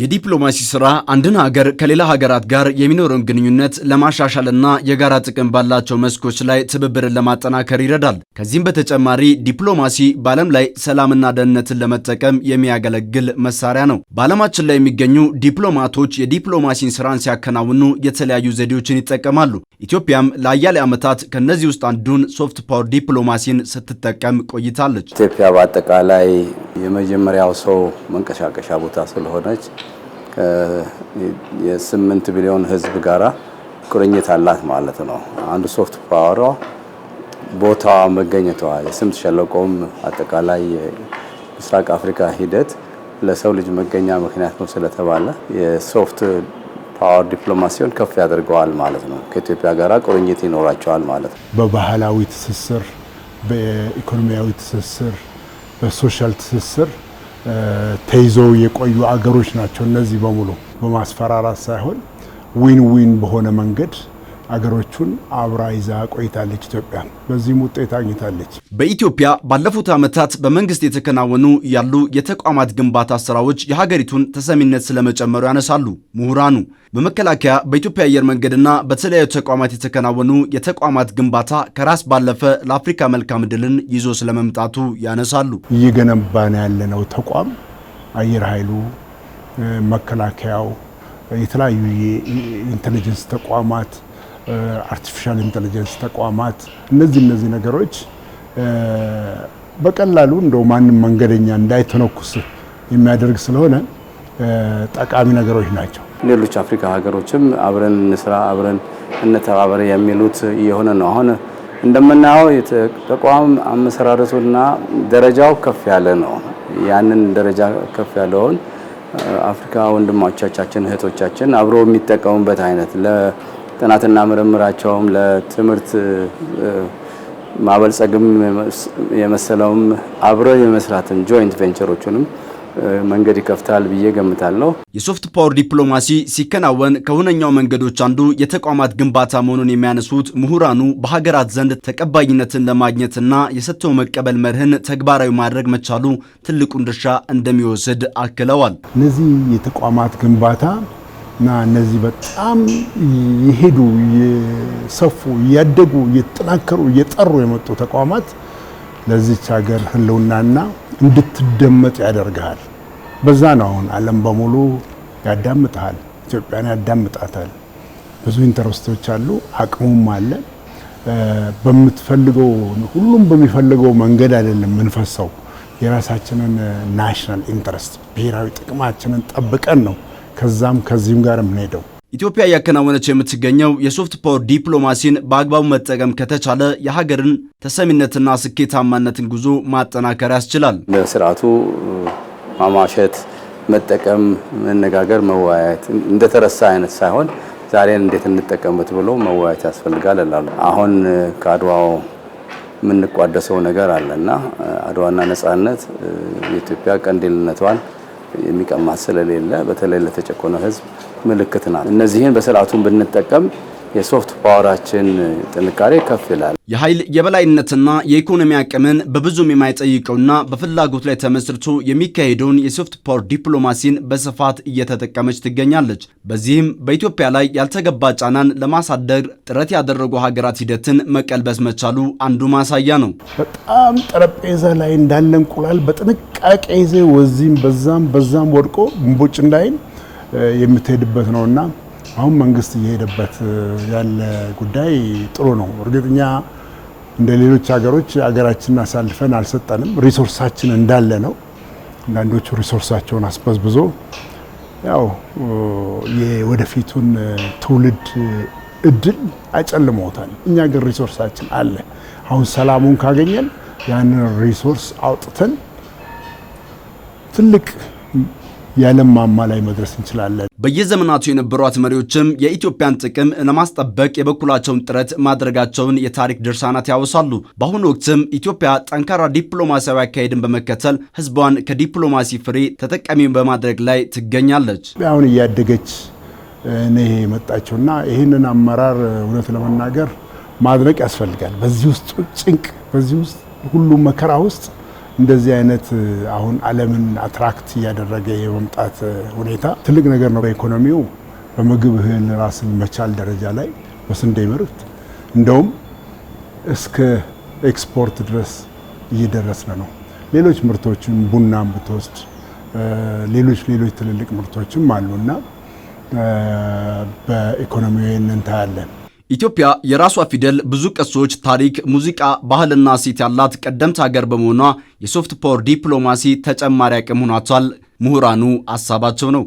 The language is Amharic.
የዲፕሎማሲ ስራ አንድን ሀገር ከሌላ ሀገራት ጋር የሚኖረውን ግንኙነት ለማሻሻልና የጋራ ጥቅም ባላቸው መስኮች ላይ ትብብርን ለማጠናከር ይረዳል። ከዚህም በተጨማሪ ዲፕሎማሲ በዓለም ላይ ሰላምና ደህንነትን ለመጠቀም የሚያገለግል መሳሪያ ነው። በዓለማችን ላይ የሚገኙ ዲፕሎማቶች የዲፕሎማሲን ስራን ሲያከናውኑ የተለያዩ ዘዴዎችን ይጠቀማሉ። ኢትዮጵያም ለአያሌ ዓመታት ከእነዚህ ውስጥ አንዱን ሶፍት ፓወር ዲፕሎማሲን ስትጠቀም ቆይታለች። ኢትዮጵያ በአጠቃላይ የመጀመሪያው ሰው መንቀሳቀሻ ቦታ ስለሆነች የስምንት ቢሊዮን ህዝብ ጋራ ቁርኝት አላት ማለት ነው። አንዱ ሶፍት ፓወሯ ቦታዋ መገኘቷ፣ የስምጥ ሸለቆም አጠቃላይ የምስራቅ አፍሪካ ሂደት ለሰው ልጅ መገኛ ምክንያት ነው ስለተባለ የሶፍት ፓወር ዲፕሎማሲውን ከፍ ያደርገዋል ማለት ነው። ከኢትዮጵያ ጋር ቁርኝት ይኖራቸዋል ማለት ነው። በባህላዊ ትስስር፣ በኢኮኖሚያዊ ትስስር፣ በሶሻል ትስስር ተይዘው የቆዩ አገሮች ናቸው። እነዚህ በሙሉ በማስፈራራት ሳይሆን ዊን ዊን በሆነ መንገድ አገሮቹን አብራ ይዛ ቆይታለች። ኢትዮጵያ በዚህም ውጤት አግኝታለች። በኢትዮጵያ ባለፉት ዓመታት በመንግስት የተከናወኑ ያሉ የተቋማት ግንባታ ስራዎች የሀገሪቱን ተሰሚነት ስለመጨመሩ ያነሳሉ ምሁራኑ። በመከላከያ በኢትዮጵያ አየር መንገድና በተለያዩ ተቋማት የተከናወኑ የተቋማት ግንባታ ከራስ ባለፈ ለአፍሪካ መልካም ድልን ይዞ ስለመምጣቱ ያነሳሉ። እየገነባን ያለነው ተቋም አየር ኃይሉ፣ መከላከያው፣ የተለያዩ የኢንቴሊጀንስ ተቋማት አርቲፊሻል ኢንቴሊጀንስ ተቋማት፣ እነዚህ እነዚህ ነገሮች በቀላሉ እንደው ማንም መንገደኛ እንዳይተነኩስ የሚያደርግ ስለሆነ ጠቃሚ ነገሮች ናቸው። ሌሎች አፍሪካ ሀገሮችም አብረን እንስራ፣ አብረን እንተባበር የሚሉት እየሆነ ነው። አሁን እንደምናየው ተቋም አመሰራረቱና ደረጃው ከፍ ያለ ነው። ያንን ደረጃ ከፍ ያለውን አፍሪካ ወንድሞቻችን እህቶቻችን አብሮ የሚጠቀሙበት አይነት ጥናትና ምርምራቸውም ለትምህርት ማበልጸግም የመሰለውም አብረ የመስራትን ጆይንት ቬንቸሮቹንም መንገድ ይከፍታል ብዬ ገምታለሁ። የሶፍት ፓወር ዲፕሎማሲ ሲከናወን ከሁነኛው መንገዶች አንዱ የተቋማት ግንባታ መሆኑን የሚያነሱት ምሁራኑ በሀገራት ዘንድ ተቀባይነትን ለማግኘትና የሰጥቶ መቀበል መርህን ተግባራዊ ማድረግ መቻሉ ትልቁን ድርሻ እንደሚወስድ አክለዋል። እነዚህ የተቋማት ግንባታ እና እነዚህ በጣም የሄዱ የሰፉ እያደጉ እየተጠናከሩ እየጠሩ የመጡ ተቋማት ለዚች ሀገር ህልውናና እንድትደመጥ ያደርግሃል። በዛ ነው አሁን ዓለም በሙሉ ያዳምጥሃል፣ ኢትዮጵያን ያዳምጣታል። ብዙ ኢንተረስቶች አሉ፣ አቅሙም አለ። በምትፈልገው ሁሉም በሚፈልገው መንገድ አይደለም የምንፈሰው። የራሳችንን ናሽናል ኢንተረስት ብሔራዊ ጥቅማችንን ጠብቀን ነው ከዛም ከዚህም ጋር የምንሄደው። ኢትዮጵያ እያከናወነች የምትገኘው የሶፍት ፓወር ዲፕሎማሲን በአግባቡ መጠቀም ከተቻለ የሀገርን ተሰሚነትና ስኬታማነትን ጉዞ ማጠናከር ያስችላል። በስርዓቱ ማማሸት፣ መጠቀም፣ መነጋገር፣ መወያየት እንደተረሳ አይነት ሳይሆን ዛሬን እንዴት እንጠቀምበት ብሎ መወያየት ያስፈልጋል እላሉ። አሁን ከአድዋው የምንቋደሰው ነገር አለና አድዋና ነጻነት የኢትዮጵያ ቀንዲልነቷን የሚቀማት ስለሌለ በተለይ ለተጨቆነ ህዝብ ምልክት ናት። እነዚህን በስርዓቱን ብንጠቀም የሶፍት ፓወራችን ጥንካሬ ከፍ ይላል። የኃይል የበላይነትና የኢኮኖሚ አቅምን በብዙም የማይጠይቀውና በፍላጎት ላይ ተመስርቶ የሚካሄደውን የሶፍት ፓወር ዲፕሎማሲን በስፋት እየተጠቀመች ትገኛለች። በዚህም በኢትዮጵያ ላይ ያልተገባ ጫናን ለማሳደር ጥረት ያደረጉ ሀገራት ሂደትን መቀልበስ መቻሉ አንዱ ማሳያ ነው። በጣም ጠረጴዛ ላይ እንዳለ እንቁላል በጥንቃቄ ይዘ ወዚህም በዛም በዛም ወድቆ እምቦጭ እንዳይን የምትሄድበት ነውና አሁን መንግስት እየሄደበት ያለ ጉዳይ ጥሩ ነው። እርግጥኛ እንደ ሌሎች ሀገሮች ሀገራችንን አሳልፈን አልሰጠንም። ሪሶርሳችን እንዳለ ነው። አንዳንዶቹ ሪሶርሳቸውን አስበዝብዞ ያው የወደፊቱን ትውልድ እድል አጨልመውታል። እኛ ግን ሪሶርሳችን አለ። አሁን ሰላሙን ካገኘን ያንን ሪሶርስ አውጥተን ትልቅ የዓለም ማማ ላይ መድረስ እንችላለን። በየዘመናቱ የነበሯት መሪዎችም የኢትዮጵያን ጥቅም ለማስጠበቅ የበኩላቸውን ጥረት ማድረጋቸውን የታሪክ ድርሳናት ያወሳሉ። በአሁኑ ወቅትም ኢትዮጵያ ጠንካራ ዲፕሎማሲያዊ አካሄድን በመከተል ህዝቧን ከዲፕሎማሲ ፍሬ ተጠቃሚውን በማድረግ ላይ ትገኛለች። አሁን እያደገች እኔ የመጣቸውና ይህንን አመራር እውነት ለመናገር ማድነቅ ያስፈልጋል። በዚህ ውስጥ ጭንቅ፣ በዚህ ውስጥ ሁሉም መከራ ውስጥ እንደዚህ አይነት አሁን ዓለምን አትራክት እያደረገ የመምጣት ሁኔታ ትልቅ ነገር ነው። በኢኮኖሚው በምግብ እህል ራስን መቻል ደረጃ ላይ በስንዴ ምርት እንደውም እስከ ኤክስፖርት ድረስ እየደረስን ነው። ሌሎች ምርቶችን ቡናም ብትወስድ ሌሎች ሌሎች ትልልቅ ምርቶችም አሉ እና በኢኮኖሚው ይህንን ታያለን። ኢትዮጵያ የራሷ ፊደል፣ ብዙ ቅርሶች፣ ታሪክ፣ ሙዚቃ፣ ባህልና ሴት ያላት ቀደምት ሀገር በመሆኗ የሶፍት ፓወር ዲፕሎማሲ ተጨማሪ አቅም ሆኗታል። ምሁራኑ አሳባቸው ነው።